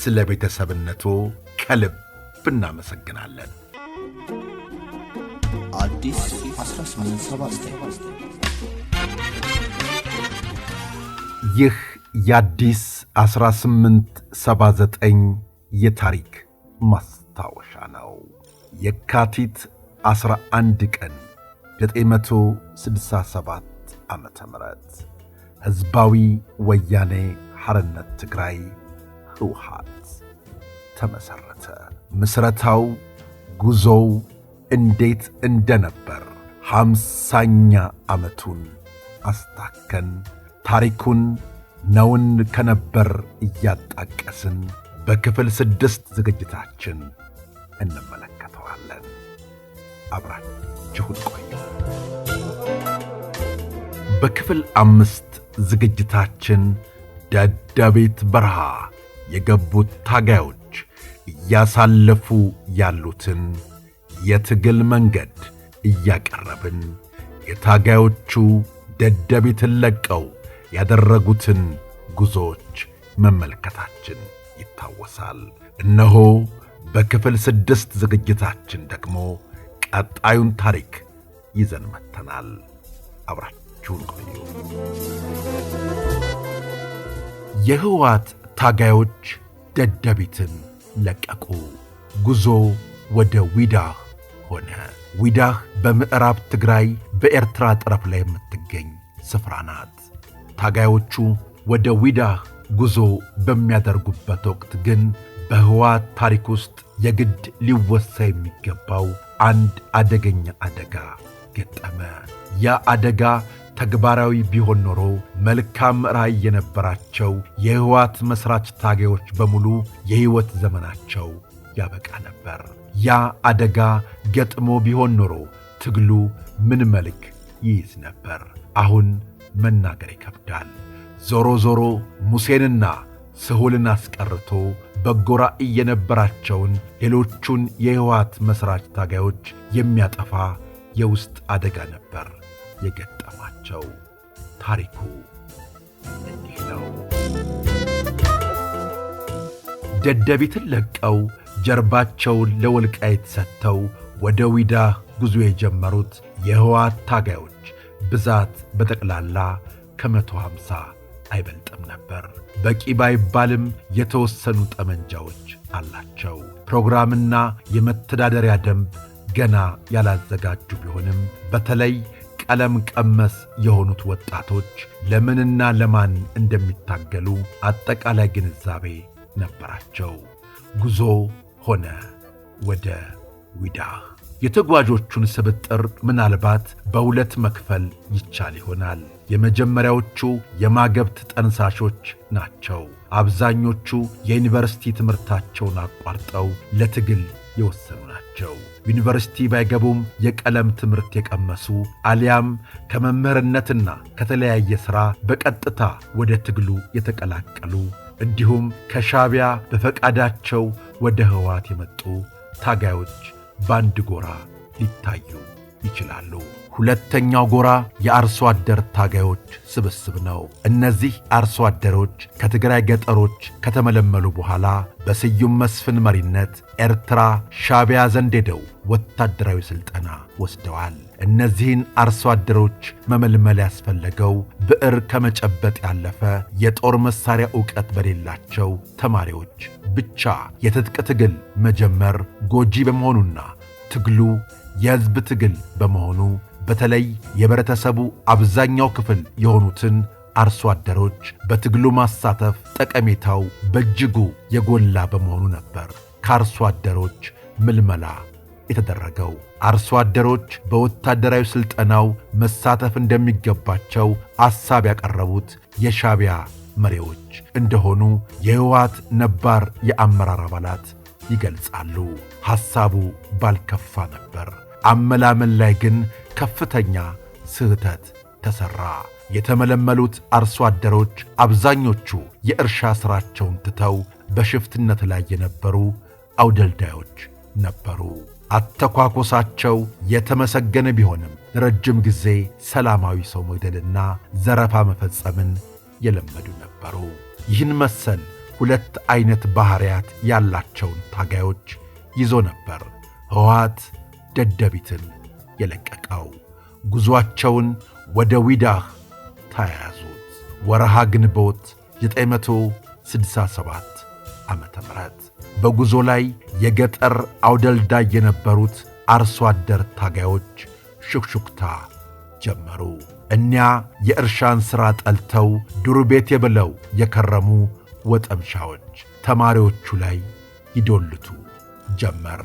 ስለ ቤተሰብነቱ ከልብ እናመሰግናለን። ይህ የአዲስ 1879 የታሪክ ማስታወሻ ነው። የካቲት 11 ቀን 967 ዓ ም ሕዝባዊ ወያኔ ሐርነት ትግራይ ህውሃት ተመሠረተ። ምስረታው ጉዞው እንዴት እንደነበር ሐምሳኛ ዓመቱን አስታከን ታሪኩን ነውን ከነበር እያጣቀስን በክፍል ስድስት ዝግጅታችን እንመለከተዋለን። አብራችሁን ቆዩ። በክፍል አምስት ዝግጅታችን ደደቤት በረሃ የገቡት ታጋዮች እያሳለፉ ያሉትን የትግል መንገድ እያቀረብን የታጋዮቹ ደደቢትን ለቀው ያደረጉትን ጉዞዎች መመልከታችን ይታወሳል። እነሆ በክፍል ስድስት ዝግጅታችን ደግሞ ቀጣዩን ታሪክ ይዘን መጥተናል። አብራችሁን ቆዩ። የህወሓት ታጋዮች ደደቢትን ለቀቁ። ጉዞ ወደ ዊዳህ ሆነ። ዊዳህ በምዕራብ ትግራይ በኤርትራ ጠረፍ ላይ የምትገኝ ስፍራ ናት። ታጋዮቹ ወደ ዊዳህ ጉዞ በሚያደርጉበት ወቅት ግን በሕወሓት ታሪክ ውስጥ የግድ ሊወሳ የሚገባው አንድ አደገኛ አደጋ ገጠመ። ያ አደጋ ተግባራዊ ቢሆን ኖሮ መልካም ራዕይ የነበራቸው የህወሓት መሥራች ታጋዮች በሙሉ የሕይወት ዘመናቸው ያበቃ ነበር። ያ አደጋ ገጥሞ ቢሆን ኖሮ ትግሉ ምን መልክ ይይዝ ነበር? አሁን መናገር ይከብዳል። ዞሮ ዞሮ ሙሴንና ስሁልን አስቀርቶ በጎ ራዕይ የነበራቸውን ሌሎቹን የህወሓት መሥራች ታጋዮች የሚያጠፋ የውስጥ አደጋ ነበር። የገጠማቸው። ታሪኩ እንዲህ ነው። ደደቢትን ለቀው ጀርባቸውን ለወልቃይት ሰጥተው ወደ ዊዳ ጉዞ የጀመሩት የህወሓት ታጋዮች ብዛት በጠቅላላ ከመቶ ሃምሳ አይበልጥም ነበር። በቂ ባይባልም የተወሰኑ ጠመንጃዎች አላቸው። ፕሮግራምና የመተዳደሪያ ደንብ ገና ያላዘጋጁ ቢሆንም በተለይ ቀለም ቀመስ የሆኑት ወጣቶች ለምንና ለማን እንደሚታገሉ አጠቃላይ ግንዛቤ ነበራቸው። ጉዞ ሆነ ወደ ዊዳህ። የተጓዦቹን ስብጥር ምናልባት በሁለት መክፈል ይቻል ይሆናል። የመጀመሪያዎቹ የማገብት ጠንሳሾች ናቸው። አብዛኞቹ የዩኒቨርሲቲ ትምህርታቸውን አቋርጠው ለትግል የወሰኑ ናቸው። ዩኒቨርሲቲ ባይገቡም የቀለም ትምህርት የቀመሱ አሊያም ከመምህርነትና ከተለያየ ሥራ በቀጥታ ወደ ትግሉ የተቀላቀሉ እንዲሁም ከሻቢያ በፈቃዳቸው ወደ ህዋት የመጡ ታጋዮች በአንድ ጎራ ሊታዩ ይችላሉ። ሁለተኛው ጎራ የአርሶ አደር ታጋዮች ስብስብ ነው። እነዚህ አርሶ አደሮች ከትግራይ ገጠሮች ከተመለመሉ በኋላ በስዩም መስፍን መሪነት ኤርትራ ሻቢያ ዘንድ ሄደው ወታደራዊ ሥልጠና ወስደዋል። እነዚህን አርሶ አደሮች መመልመል ያስፈለገው ብዕር ከመጨበጥ ያለፈ የጦር መሣሪያ ዕውቀት በሌላቸው ተማሪዎች ብቻ የትጥቅ ትግል መጀመር ጎጂ በመሆኑና ትግሉ የሕዝብ ትግል በመሆኑ በተለይ የህብረተሰቡ አብዛኛው ክፍል የሆኑትን አርሶ አደሮች በትግሉ ማሳተፍ ጠቀሜታው በእጅጉ የጎላ በመሆኑ ነበር ከአርሶ አደሮች ምልመላ የተደረገው። አርሶ አደሮች በወታደራዊ ሥልጠናው መሳተፍ እንደሚገባቸው አሳብ ያቀረቡት የሻቢያ መሪዎች እንደሆኑ የህወሓት ነባር የአመራር አባላት ይገልጻሉ። ሐሳቡ ባልከፋ ነበር። አመላመል ላይ ግን ከፍተኛ ስህተት ተሠራ። የተመለመሉት አርሶ አደሮች አብዛኞቹ የእርሻ ሥራቸውን ትተው በሽፍትነት ላይ የነበሩ አውደልዳዮች ነበሩ። አተኳኮሳቸው የተመሰገነ ቢሆንም ረጅም ጊዜ ሰላማዊ ሰው መግደልና ዘረፋ መፈጸምን የለመዱ ነበሩ። ይህን መሰል ሁለት አይነት ባሕርያት ያላቸውን ታጋዮች ይዞ ነበር ሕወሓት ደደቢትን የለቀቀው። ጉዞአቸውን ወደ ዊዳህ ተያያዙት። ወረሃ ግንቦት 967 ዓ ም በጉዞ ላይ የገጠር አውደልዳይ የነበሩት አርሶ አደር ታጋዮች ሹክሹክታ ጀመሩ። እኒያ የእርሻን ሥራ ጠልተው ዱር ቤቴ ብለው የከረሙ ወጠምሻዎች ተማሪዎቹ ላይ ይዶልቱ ጀመር።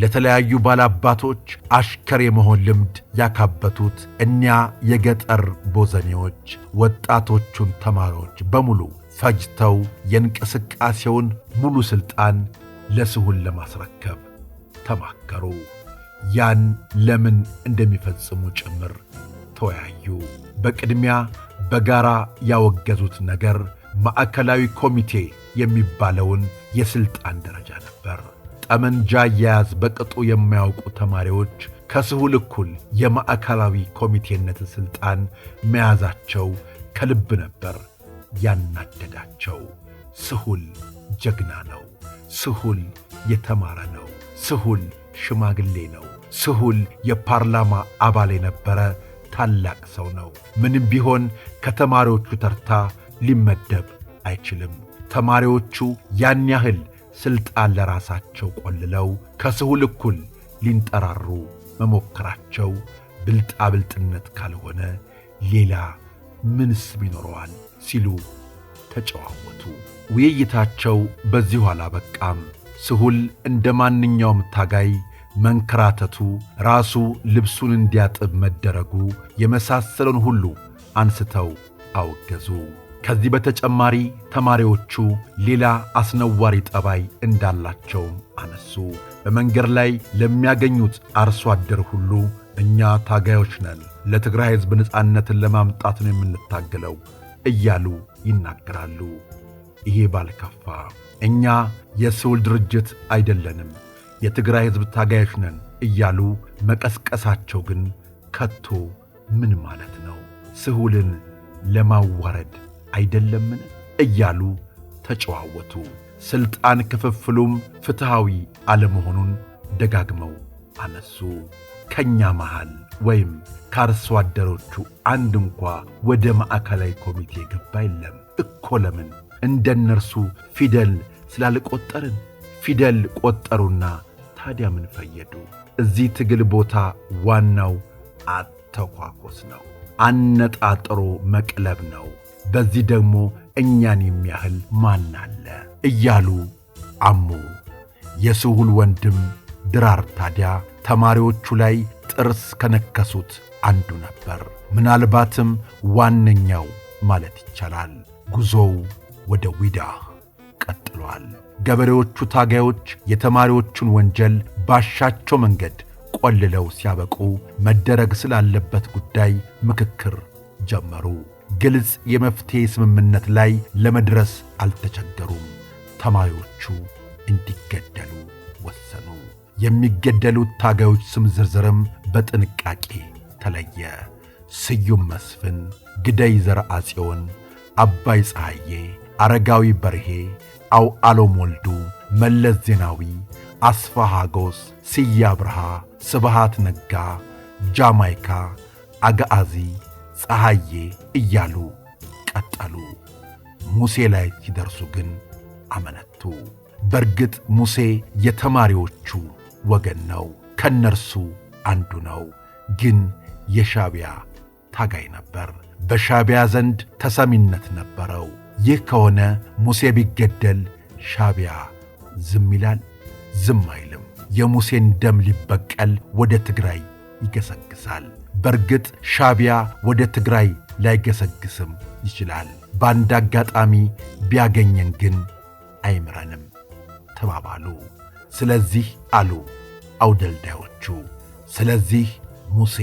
ለተለያዩ ባላባቶች አሽከር የመሆን ልምድ ያካበቱት እኒያ የገጠር ቦዘኔዎች ወጣቶቹን ተማሪዎች በሙሉ ፈጅተው የእንቅስቃሴውን ሙሉ ሥልጣን ለስሁን ለማስረከብ ተማከሩ። ያን ለምን እንደሚፈጽሙ ጭምር ተወያዩ። በቅድሚያ በጋራ ያወገዙት ነገር ማዕከላዊ ኮሚቴ የሚባለውን የሥልጣን ደረጃ ነበር። ጠመንጃ አያያዝ በቅጡ የማያውቁ ተማሪዎች ከስሁል እኩል የማዕከላዊ ኮሚቴነት ሥልጣን መያዛቸው ከልብ ነበር ያናደዳቸው። ስሁል ጀግና ነው፣ ስሁል የተማረ ነው፣ ስሁል ሽማግሌ ነው፣ ስሁል የፓርላማ አባል የነበረ ታላቅ ሰው ነው። ምንም ቢሆን ከተማሪዎቹ ተርታ ሊመደብ አይችልም። ተማሪዎቹ ያን ያህል ሥልጣን ለራሳቸው ቆልለው ከስሁል እኩል ሊንጠራሩ መሞከራቸው ብልጣብልጥነት ካልሆነ ሌላ ምንስ ይኖረዋል ሲሉ ተጨዋወቱ። ውይይታቸው በዚሁ አላበቃም። ስሁል እንደ ማንኛውም ታጋይ መንከራተቱ፣ ራሱ ልብሱን እንዲያጥብ መደረጉ የመሳሰለውን ሁሉ አንስተው አወገዙ። ከዚህ በተጨማሪ ተማሪዎቹ ሌላ አስነዋሪ ጠባይ እንዳላቸውም አነሱ። በመንገድ ላይ ለሚያገኙት አርሶ አደር ሁሉ እኛ ታጋዮች ነን፣ ለትግራይ ሕዝብ ነፃነትን ለማምጣት ነው የምንታገለው እያሉ ይናገራሉ። ይሄ ባልከፋ እኛ የስውል ድርጅት አይደለንም፣ የትግራይ ሕዝብ ታጋዮች ነን እያሉ መቀስቀሳቸው ግን ከቶ ምን ማለት ነው? ስሁልን ለማዋረድ አይደለምን እያሉ ተጨዋወቱ። ሥልጣን ክፍፍሉም ፍትሐዊ አለመሆኑን ደጋግመው አነሱ። ከእኛ መሃል ወይም ከአርሶ አደሮቹ አንድ እንኳ ወደ ማዕከላዊ ኮሚቴ ገባ የለም እኮ። ለምን እንደ እነርሱ ፊደል ስላልቆጠርን? ፊደል ቆጠሩና ታዲያ ምን ፈየዱ? እዚህ ትግል ቦታ ዋናው አተኳኮስ ነው፣ አነጣጥሮ መቅለብ ነው በዚህ ደግሞ እኛን የሚያህል ማን አለ እያሉ አሙ። የስሁል ወንድም ድራር ታዲያ ተማሪዎቹ ላይ ጥርስ ከነከሱት አንዱ ነበር። ምናልባትም ዋነኛው ማለት ይቻላል። ጉዞው ወደ ዊዳህ ቀጥሏል። ገበሬዎቹ ታጋዮች የተማሪዎቹን ወንጀል ባሻቸው መንገድ ቆልለው ሲያበቁ መደረግ ስላለበት ጉዳይ ምክክር ጀመሩ። ግልጽ የመፍትሄ ስምምነት ላይ ለመድረስ አልተቸገሩም። ተማሪዎቹ እንዲገደሉ ወሰኑ። የሚገደሉት ታጋዮች ስም ዝርዝርም በጥንቃቄ ተለየ። ስዩም መስፍን፣ ግደይ ዘርአጽዮን፣ አባይ ፀሐዬ፣ አረጋዊ በርሄ፣ አውዓሎም ወልዱ፣ መለስ ዜናዊ፣ አስፋሃጎስ፣ ስያ ብርሃ፣ ስብሃት ነጋ፣ ጃማይካ አጋአዚ ፀሐዬ እያሉ ቀጠሉ። ሙሴ ላይ ሲደርሱ ግን አመነቱ። በእርግጥ ሙሴ የተማሪዎቹ ወገን ነው፣ ከነርሱ አንዱ ነው። ግን የሻቢያ ታጋይ ነበር። በሻቢያ ዘንድ ተሰሚነት ነበረው። ይህ ከሆነ ሙሴ ቢገደል ሻቢያ ዝም ይላል? ዝም አይልም። የሙሴን ደም ሊበቀል ወደ ትግራይ ይገሰግሳል። በእርግጥ ሻቢያ ወደ ትግራይ ላይገሰግስም ይችላል። በአንድ አጋጣሚ ቢያገኘን ግን አይምረንም ተባባሉ። ስለዚህ አሉ አውደልዳዮቹ፣ ስለዚህ ሙሴ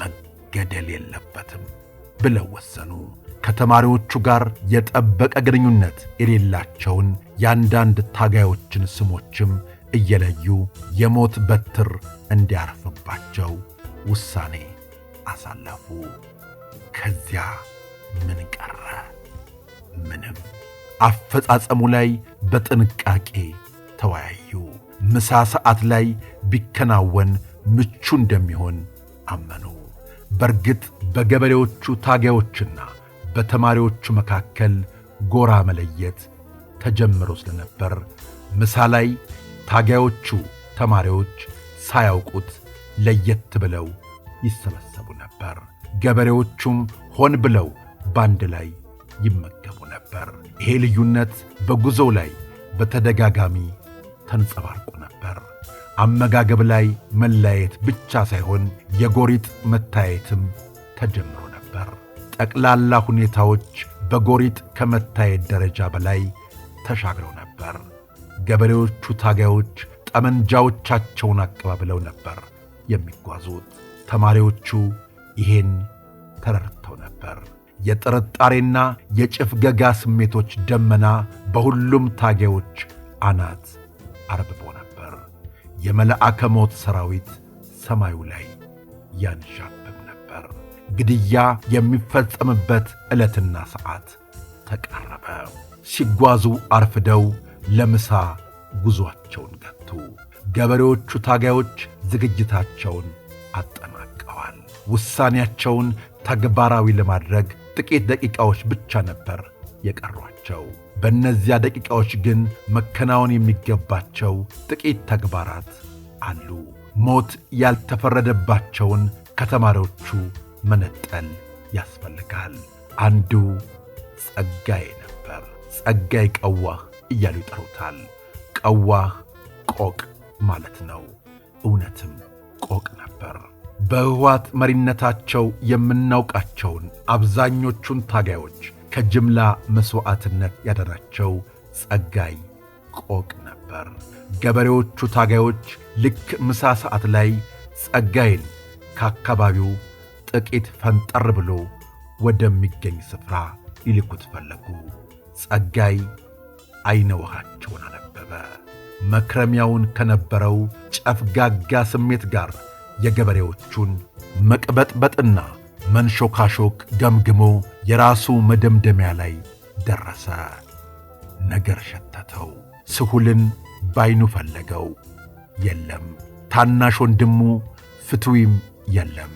መገደል የለበትም ብለው ወሰኑ። ከተማሪዎቹ ጋር የጠበቀ ግንኙነት የሌላቸውን የአንዳንድ ታጋዮችን ስሞችም እየለዩ የሞት በትር እንዲያርፍባቸው ውሳኔ አሳለፉ። ከዚያ ምን ቀረ? ምንም። አፈጻጸሙ ላይ በጥንቃቄ ተወያዩ። ምሳ ሰዓት ላይ ቢከናወን ምቹ እንደሚሆን አመኑ። በእርግጥ በገበሬዎቹ ታጋዮችና በተማሪዎቹ መካከል ጎራ መለየት ተጀምሮ ስለነበር ምሳ ላይ ታጋዮቹ ተማሪዎች ሳያውቁት ለየት ብለው ይሰበሰቡ ነበር። ገበሬዎቹም ሆን ብለው በአንድ ላይ ይመገቡ ነበር። ይሄ ልዩነት በጉዞ ላይ በተደጋጋሚ ተንጸባርቆ ነበር። አመጋገብ ላይ መለያየት ብቻ ሳይሆን የጎሪጥ መታየትም ተጀምሮ ነበር። ጠቅላላ ሁኔታዎች በጎሪጥ ከመታየት ደረጃ በላይ ተሻግረው ነበር። ገበሬዎቹ ታጋዮች ጠመንጃዎቻቸውን አቀባብለው ነበር። የሚጓዙት። ተማሪዎቹ ይሄን ተረድተው ነበር። የጥርጣሬና የጭፍገጋ ስሜቶች ደመና በሁሉም ታጌዎች አናት አርብቦ ነበር። የመልአከ ሞት ሰራዊት ሰማዩ ላይ ያንዣብብ ነበር። ግድያ የሚፈጸምበት ዕለትና ሰዓት ተቃረበ። ሲጓዙ አርፍደው ለምሳ ጉዞአቸውን ገቱ። ገበሬዎቹ ታጋዮች ዝግጅታቸውን አጠናቀዋል። ውሳኔያቸውን ተግባራዊ ለማድረግ ጥቂት ደቂቃዎች ብቻ ነበር የቀሯቸው። በእነዚያ ደቂቃዎች ግን መከናወን የሚገባቸው ጥቂት ተግባራት አሉ። ሞት ያልተፈረደባቸውን ከተማሪዎቹ መነጠል ያስፈልጋል። አንዱ ጸጋዬ ነበር። ጸጋዬ ቀዋህ እያሉ ይጠሩታል። ቀዋህ ቆቅ ማለት ነው። እውነትም ቆቅ ነበር። በህወሓት መሪነታቸው የምናውቃቸውን አብዛኞቹን ታጋዮች ከጅምላ መሥዋዕትነት ያዳናቸው ጸጋይ ቆቅ ነበር። ገበሬዎቹ ታጋዮች ልክ ምሳ ሰዓት ላይ ጸጋይን ከአካባቢው ጥቂት ፈንጠር ብሎ ወደሚገኝ ስፍራ ሊልኩት ፈለጉ። ጸጋይ አይነ ውሃቸውን አነበበ። መክረሚያውን ከነበረው ጨፍጋጋ ስሜት ጋር የገበሬዎቹን መቅበጥበጥና መንሾካሾክ ገምግሞ የራሱ መደምደሚያ ላይ ደረሰ። ነገር ሸተተው። ስሁልን ባይኑ ፈለገው። የለም። ታናሽ ወንድሙ ፍትዊም የለም።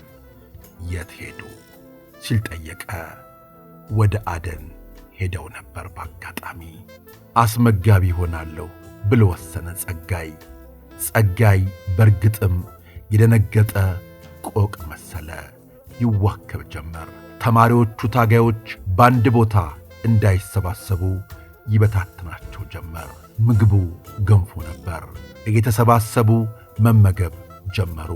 የት ሄዱ ሲል ጠየቀ። ወደ አደን ሄደው ነበር። በአጋጣሚ አስመጋቢ ሆናለሁ ብሎ ወሰነ ጸጋይ። ጸጋይ በርግጥም የደነገጠ ቆቅ መሰለ። ይዋከብ ጀመር። ተማሪዎቹ ታጋዮች በአንድ ቦታ እንዳይሰባሰቡ ይበታትናቸው ጀመር። ምግቡ ገንፎ ነበር። እየተሰባሰቡ መመገብ ጀመሩ።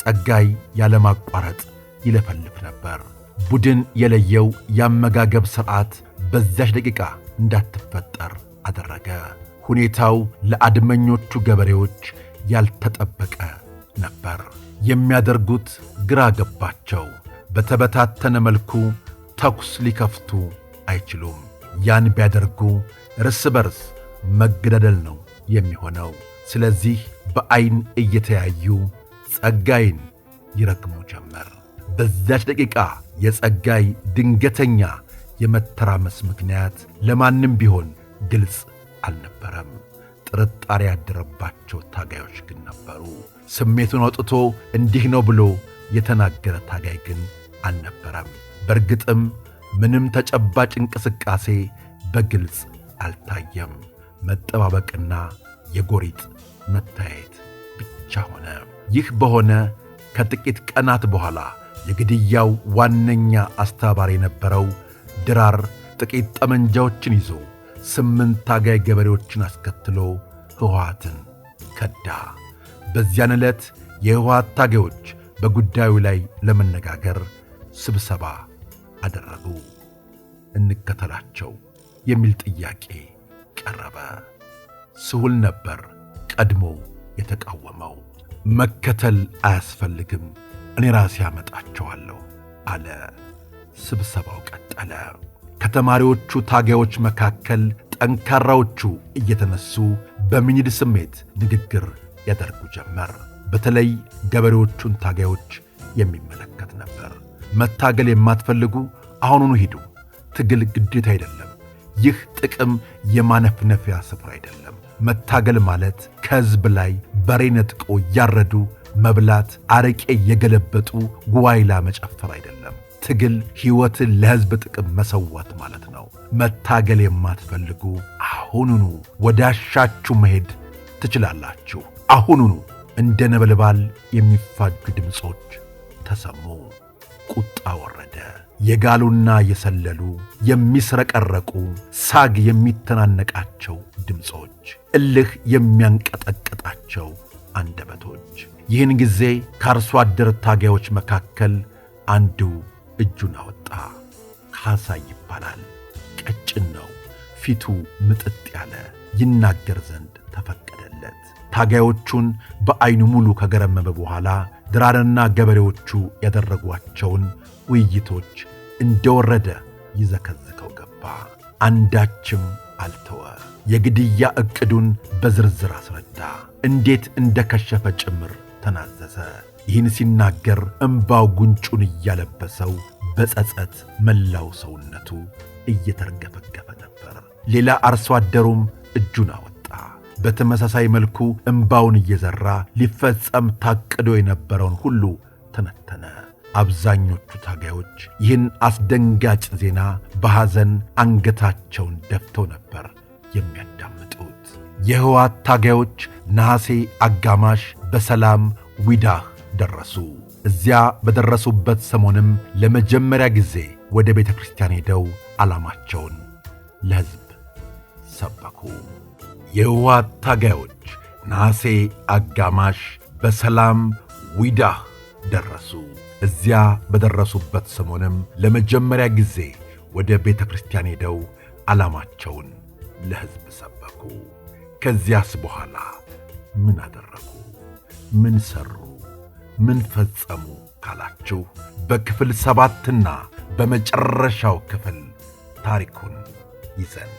ጸጋይ ያለማቋረጥ ይለፈልፍ ነበር። ቡድን የለየው የአመጋገብ ሥርዓት በዚያች ደቂቃ እንዳትፈጠር አደረገ። ሁኔታው ለአድመኞቹ ገበሬዎች ያልተጠበቀ ነበር። የሚያደርጉት ግራ ገባቸው። በተበታተነ መልኩ ተኩስ ሊከፍቱ አይችሉም። ያን ቢያደርጉ እርስ በርስ መገዳደል ነው የሚሆነው። ስለዚህ በዐይን እየተያዩ ጸጋይን ይረግሙ ጀመር። በዚያች ደቂቃ የጸጋይ ድንገተኛ የመተራመስ ምክንያት ለማንም ቢሆን ግልጽ አልነበረም። ጥርጣሬ ያደረባቸው ታጋዮች ግን ነበሩ። ስሜቱን አውጥቶ እንዲህ ነው ብሎ የተናገረ ታጋይ ግን አልነበረም። በእርግጥም ምንም ተጨባጭ እንቅስቃሴ በግልጽ አልታየም። መጠባበቅና የጎሪጥ መታየት ብቻ ሆነ። ይህ በሆነ ከጥቂት ቀናት በኋላ የግድያው ዋነኛ አስተባባሪ የነበረው ድራር ጥቂት ጠመንጃዎችን ይዞ ስምንት ታጋይ ገበሬዎችን አስከትሎ ሕወሓትን ከዳ። በዚያን ዕለት የሕወሓት ታጋዮች በጉዳዩ ላይ ለመነጋገር ስብሰባ አደረጉ። እንከተላቸው የሚል ጥያቄ ቀረበ። ስሁል ነበር ቀድሞ የተቃወመው። መከተል አያስፈልግም እኔ ራሴ አመጣቸዋለሁ አለ። ስብሰባው ቀጠለ። ከተማሪዎቹ ታጋዮች መካከል ጠንካራዎቹ እየተነሱ በሚኒድ ስሜት ንግግር ያደርጉ ጀመር። በተለይ ገበሬዎቹን ታጋዮች የሚመለከት ነበር። መታገል የማትፈልጉ አሁኑኑ ሂዱ። ትግል ግዴታ አይደለም። ይህ ጥቅም የማነፍነፊያ ስፍራ አይደለም። መታገል ማለት ከሕዝብ ላይ በሬ ነጥቆ እያረዱ መብላት፣ አረቄ እየገለበጡ ጉዋይላ መጨፈር አይደለም። ትግል ሕይወትን ለሕዝብ ጥቅም መሰዋት ማለት ነው። መታገል የማትፈልጉ አሁኑኑ ወዳሻችሁ መሄድ ትችላላችሁ። አሁኑኑ እንደ ነበልባል የሚፋጁ ድምፆች ተሰሙ። ቁጣ ወረደ። የጋሉና የሰለሉ የሚስረቀረቁ ሳግ የሚተናነቃቸው ድምፆች፣ እልህ የሚያንቀጠቅጣቸው አንደበቶች። ይህን ጊዜ ከአርሶ አደር ታጋዮች መካከል አንዱ እጁን አወጣ። ካሳ ይባላል። ቀጭን ነው። ፊቱ ምጥጥ ያለ ይናገር ዘንድ ተፈቀደለት። ታጋዮቹን በዐይኑ ሙሉ ከገረመመ በኋላ ድራርና ገበሬዎቹ ያደረጓቸውን ውይይቶች እንደወረደ ይዘከዝከው ገባ። አንዳችም አልተወ። የግድያ ዕቅዱን በዝርዝር አስረዳ። እንዴት እንደከሸፈ ጭምር ተናዘዘ። ይህን ሲናገር እምባው ጉንጩን እያለበሰው በጸጸት መላው ሰውነቱ እየተርገፈገፈ ነበር። ሌላ አርሶ አደሩም እጁን አወጣ። በተመሳሳይ መልኩ እምባውን እየዘራ ሊፈጸም ታቅዶ የነበረውን ሁሉ ተነተነ። አብዛኞቹ ታጋዮች ይህን አስደንጋጭ ዜና በሐዘን አንገታቸውን ደፍተው ነበር የሚያዳምጡት። የሕወሓት ታጋዮች ነሐሴ አጋማሽ በሰላም ዊዳህ ደረሱ። እዚያ በደረሱበት ሰሞንም ለመጀመሪያ ጊዜ ወደ ቤተ ክርስቲያን ሄደው ዓላማቸውን ለሕዝብ ሰበኩ። የህወሓት ታጋዮች ነሐሴ አጋማሽ በሰላም ዊዳህ ደረሱ። እዚያ በደረሱበት ሰሞንም ለመጀመሪያ ጊዜ ወደ ቤተ ክርስቲያን ሄደው ዓላማቸውን ለሕዝብ ሰበኩ። ከዚያስ በኋላ ምን አደረጉ? ምን ሠሩ? ምን ፈጸሙ ካላችሁ በክፍል ሰባትና በመጨረሻው ክፍል ታሪኩን ይዘን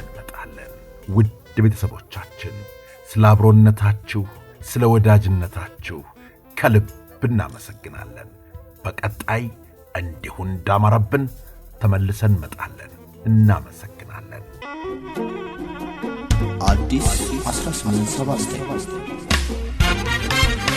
እንመጣለን። ውድ ቤተሰቦቻችን ስለ አብሮነታችሁ፣ ስለ ወዳጅነታችሁ ከልብ እናመሰግናለን። በቀጣይ እንዲሁ እንዳማረብን ተመልሰን እንመጣለን። እናመሰግናለን። አዲስ 1879